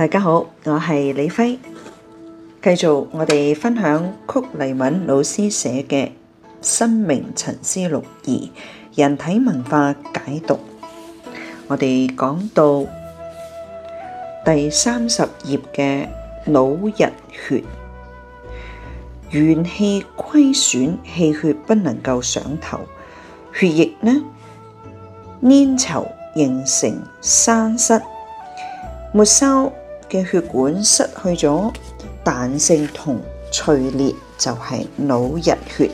大家好，我係李輝，繼續我哋分享曲黎敏老師寫嘅《生命沉思錄二：人體文化解讀》。我哋講到第三十頁嘅腦溢血，元氣虧損，氣血不能夠上頭，血液呢粘稠形成山塞末梢。嘅血管失去咗彈性同脆裂，就係腦溢血。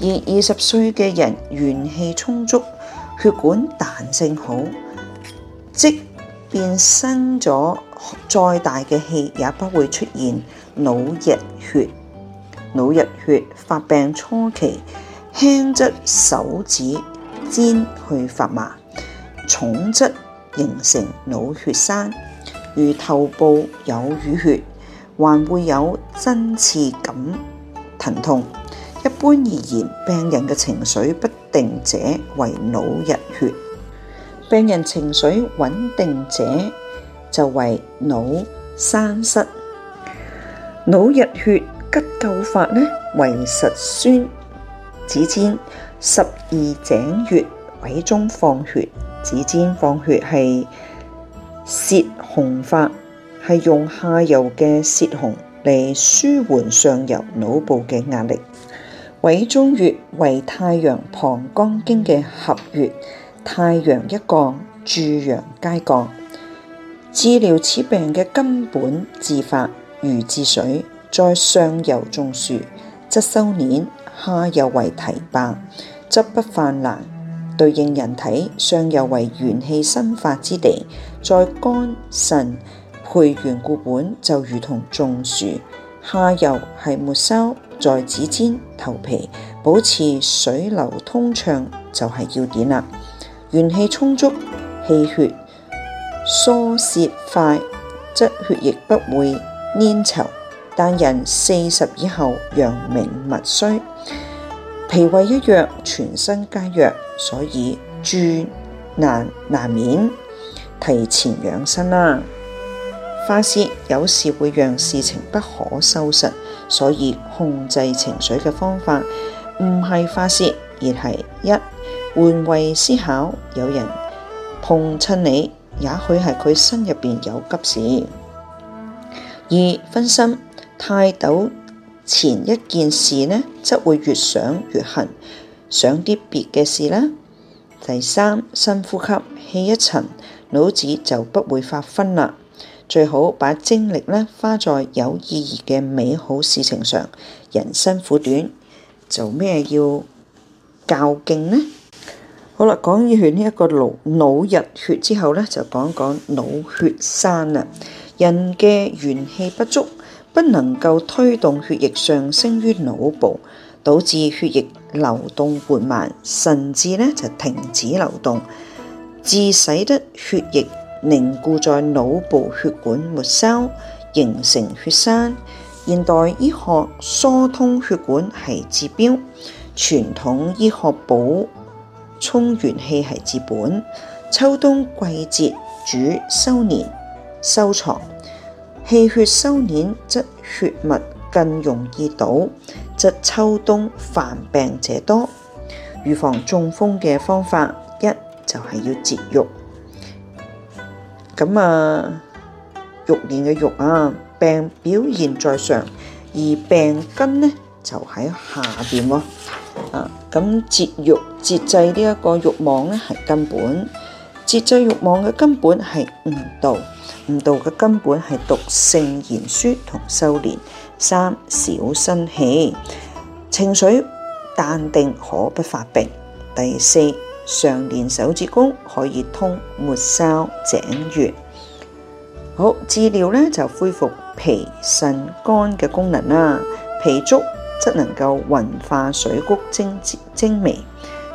而二十歲嘅人元氣充足，血管彈性好，即便生咗再大嘅氣也不會出現腦溢血。腦溢血發病初期，輕則手指尖去發麻，重則形成腦血栓。如頭部有淤血，還會有針刺感疼痛。一般而言，病人嘅情緒不定者為腦溢血，病人情緒穩定者就為腦生塞。腦溢血急救法呢？為實宣指尖十二井穴位中放血，指尖放血係舌。紅法係用下游嘅泄洪嚟舒緩上游腦部嘅壓力。委中穴為太陽膀胱經嘅合穴，太陽一降，諸陽皆降。治療此病嘅根本治法，如治水，在上游種樹，則收斂；下游為堤壩，則不泛濫。對應人體上游為元氣生發之地，在肝腎培元固本，就如同種樹；下游係末梢，在指尖頭皮保持水流通暢就係、是、要點啦。元氣充足，氣血疏泄快，則血液不會粘稠。但人四十以後，陽明物衰。脾胃一弱，全身皆弱，所以住難難免提前養生啦、啊。發洩有時會讓事情不可收拾，所以控制情緒嘅方法唔係發洩，而係一換位思考，有人碰親你，也許係佢身入邊有急事；二分心，太斗。前一件事呢，則會越想越恨，想啲別嘅事啦。第三，深呼吸，氣一沉，腦子就不會發昏啦。最好把精力呢花在有意義嘅美好事情上。人生苦短，做咩要較勁呢？好啦，講完呢一個腦溢血之後呢，就講講腦血栓啦。人嘅元氣不足。不能夠推動血液上升於腦部，導致血液流動緩慢，甚至呢就停止流動，致使得血液凝固在腦部血管末梢，形成血栓。現代醫學疏通血管係治標，傳統醫學補充元氣係治本。秋冬季節主收年收藏。氣血收斂，則血脈更容易堵，則秋冬犯病者多。預防中風嘅方法，一就係、是、要節欲。咁啊，欲念嘅欲啊，病表現在上，而病根呢就喺下邊喎。啊，咁節欲節制呢一個欲望呢，係根本。節制欲望嘅根本係悟道，悟道嘅根本係讀聖賢書同修煉。三少生氣，情緒淡定可不發病。第四，常練手指功可以通末梢井穴。好，治療咧就恢復脾腎肝嘅功能啦。脾足則能夠運化水谷精精微，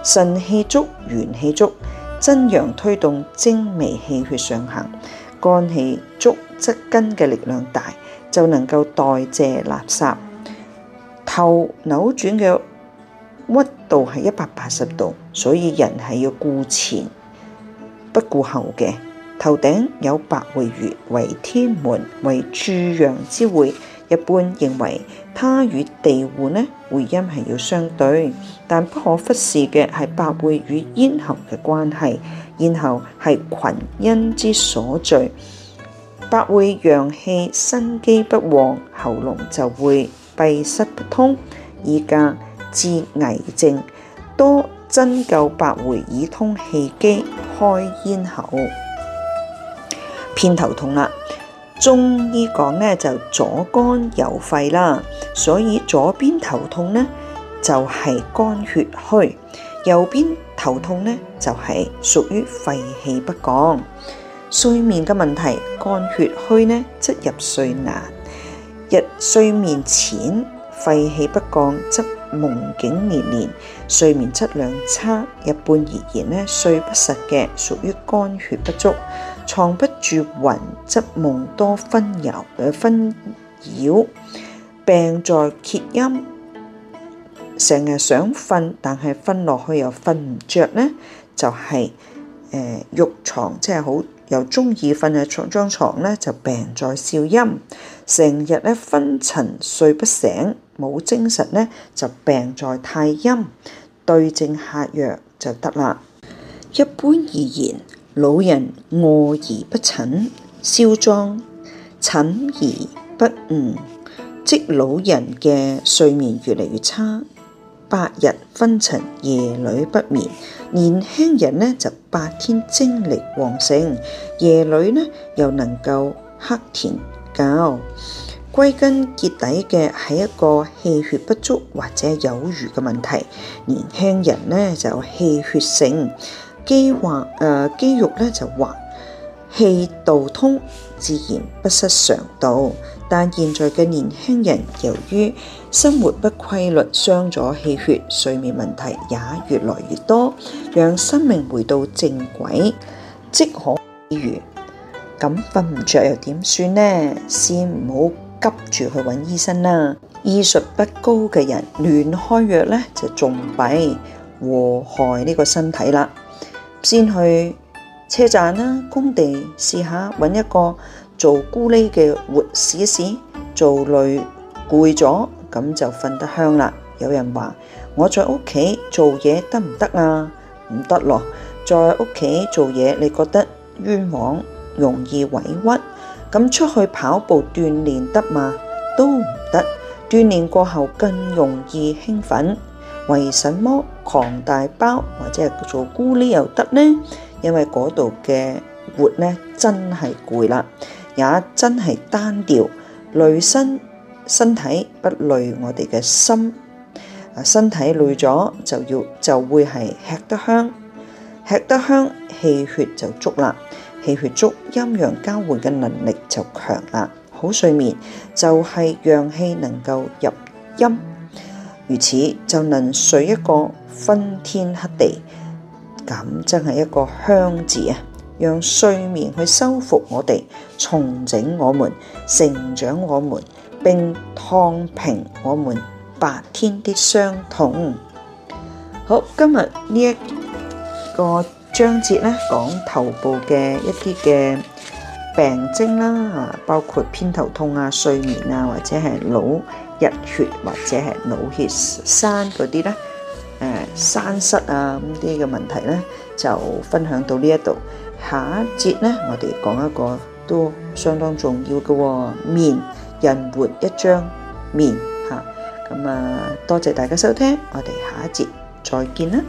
腎氣足，元氣足。真陽推動精微氣血上行，肝氣足則根嘅力量大，就能夠代謝垃圾。頭扭轉嘅屈度係一百八十度，所以人係要顧前不顧後嘅。頭頂有百會穴，為天門，為諸陽之會。一般認為，他與地戶呢回音係要相對，但不可忽視嘅係百會與咽喉嘅關係。咽喉係群陰之所聚，百會陽氣生機不旺，喉嚨就會閉塞不通，以至至危症。多針灸百會以通氣機，開咽喉。偏頭痛啦。中醫講咧就左肝右肺啦，所以左邊頭痛呢，就係、是、肝血虛，右邊頭痛呢，就係、是、屬於肺氣不降。睡眠嘅問題，肝血虛呢，則入睡難，日睡眠淺；肺氣不降則夢境連連，睡眠質量差。一般而言呢，呢睡不實嘅，屬於肝血不足。藏不住魂則夢多紛擾，誒紛擾。病在厥陰，成日想瞓，但係瞓落去又瞓唔着呢。呢就係誒褥牀，即係好又中意瞓喺床張床。床呢就病在少陰。成日咧，昏沉睡不醒，冇精神呢就病在太陰。對症下藥就得啦。一般而言。老人臥而不寢，少壯寢而不寤。即老人嘅睡眠越嚟越差，白日昏沉，夜裏不眠。年輕人呢就白天精力旺盛，夜裏呢又能夠黑甜覺。歸根結底嘅係一個氣血不足或者有餘嘅問題。年輕人呢就氣血盛。肌肉咧就滑，氣道通，自然不失常道。但現在嘅年輕人由於生活不規律，傷咗氣血，睡眠問題也越來越多，讓生命回到正軌即可。如咁瞓唔着又點算呢？先唔好急住去揾醫生啦。醫術不高嘅人亂開藥呢，就仲弊，禍害呢個身體啦。先去車站啦，工地試下揾一個做咕哩嘅活試一試，做累攰咗，咁就瞓得香啦。有人話我在屋企做嘢得唔得啊？唔得咯，在屋企做嘢，你覺得冤枉，容易委屈。咁出去跑步鍛鍊得嘛？都唔得，鍛鍊過後更容易興奮。為什麼扛大包或者係做咕哩又得呢？因為嗰度嘅活呢真係攰啦，也真係單調，累身身體不累我哋嘅心，啊身體累咗就要就會係吃得香，吃得香氣血就足啦，氣血足陰陽交換嘅能力就強啦，好睡眠就係陽氣能夠入陰。如此就能睡一個昏天黑地，咁真係一個香字啊！讓睡眠去修復我哋，重整我們，成長我們，並熨平我們白天的傷痛。好，今日呢一個章節呢，講頭部嘅一啲嘅病徵啦，包括偏頭痛啊、睡眠啊，或者係腦溢血，或者係腦血栓嗰啲咧，誒，生、呃、濕啊咁啲嘅問題咧，就分享到呢一度。下一節咧，我哋講一個都相當重要嘅、哦、面，人活一張面吓。咁啊，啊，多謝大家收聽，我哋下一節再見啦。